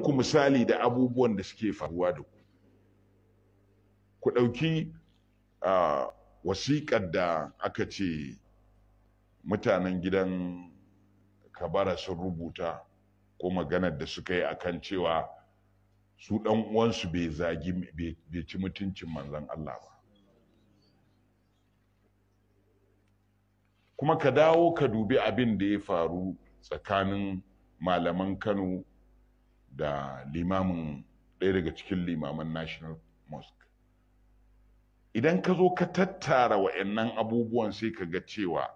ku misali da abubuwan da suke faruwa da ku ku ɗauki wasiƙar da aka ce mutanen gidan kabara sun rubuta ko maganar da suka yi akan cewa su ɗan uwansu bai zagi bai ci mutuncin manzon Allah ba kuma ka dawo ka dubi abin da ya faru tsakanin malaman Kano da limamin ɗaya daga cikin limaman national mosque idan ka zo ka tattara wa'annan abubuwan sai ka ga cewa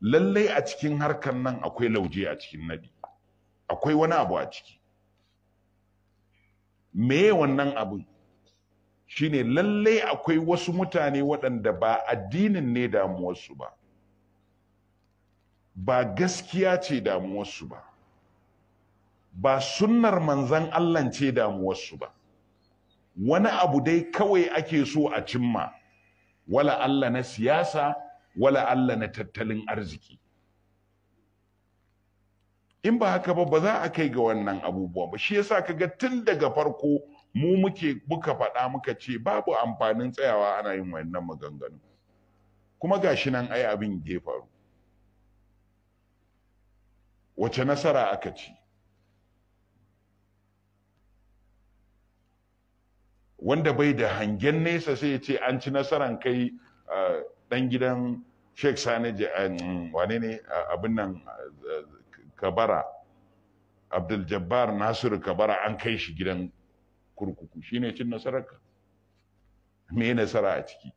lallai a cikin harkar nan akwai lauje a cikin nadi akwai wani abu a ciki meye wannan abin shine lallai akwai wasu mutane waɗanda ba addinin ne damuwarsu ba ba gaskiya ce damuwarsu ba ba sunnar manzan Allah ce damuwarsu ba wani abu dai kawai ake so a cimma wala Allah na siyasa wala Allah na tattalin arziki in ba haka ba ba za a kai ga wannan abubuwa ba shi yasa kaga tun daga farko mu muke muka faɗa muka ce babu amfanin tsayawa ana yin wannan maganganu kuma gashi nan ai abin ya faru wace nasara aka ci wanda bai da hangen nesa sai ya ce an ci nasaran kai dan gidan Sheikh Sani wane ne abin nan Kabara Abdul Jabbar Nasiru Kabara an kai shi gidan kurkuku Shi ne cin nasararka me nasara a ciki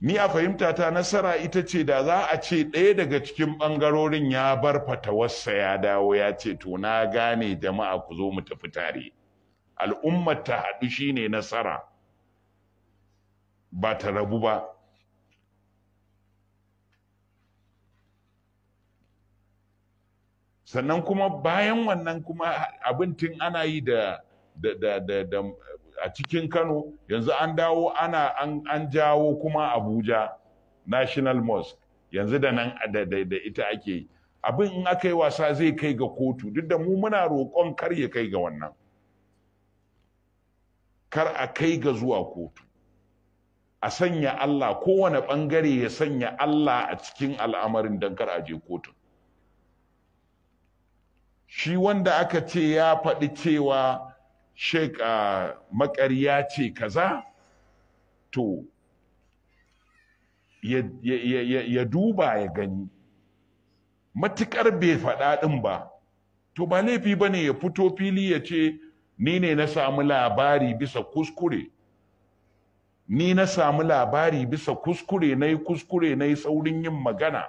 ni a fahimta ta nasara ita ce da za a ce ɗaya daga cikin ɓangarorin ya bar fatawarsa ya dawo ya ce to na gane jama'a ku zo mu tafi tare al'ummar ta haɗu shine nasara ba ta rabu ba sannan kuma bayan wannan kuma abin tun ana yi da a cikin Kano yanzu an dawo ana an jawo kuma Abuja National Mosque yanzu da nan da ita ake yi abin in aka yi wasa zai kai ga kotu duk da mu muna roƙon kar ya kai ga wannan kar a kai ga zuwa kotu a sanya Allah kowane ɓangare ya sanya Allah a cikin al'amarin don kar a je kotu. shi wanda aka ce ya faɗi cewa sheik makarya ce kaza to ya duba ya gani Matukar bai faɗa ɗin ba to ba laifi ba ne ya fito fili ya ce ni ne na samu labari bisa kuskure ni na samu labari bisa kuskure na yi kuskure na yi saurin yin magana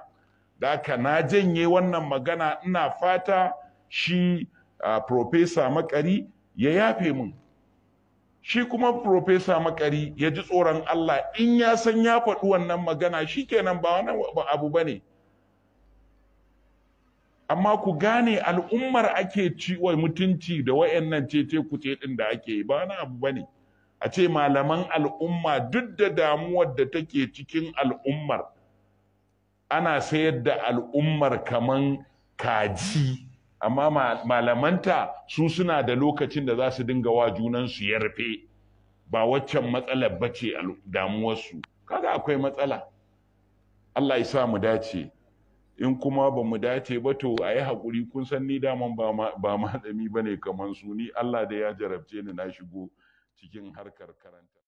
da aka na janye wannan magana ina fata shi Profesa Makari ya yafe min shi kuma Profesa Makari ya ji tsoron Allah in ya san ya faɗi wannan magana shi kenan ba wani abu ba ne amma ku gane al'ummar ake ci mutunci da wayannan cece ce din da ake yi ba na abu bane a ce malaman al'umma duk da damuwar da take cikin al'ummar ana sayar da al'ummar kaman kaji amma malamanta su suna da lokacin da za su dinga wa junansu rufe. ba waccan matsalar bace damuwarsu kaga akwai matsala Allah ya sa mu dace in kuma ba mu dace ba to a yi haƙuri kun san ni daman ba matsami ba ne kamar su ni Allah da ya jarabce ni na shigo cikin harkar karanta.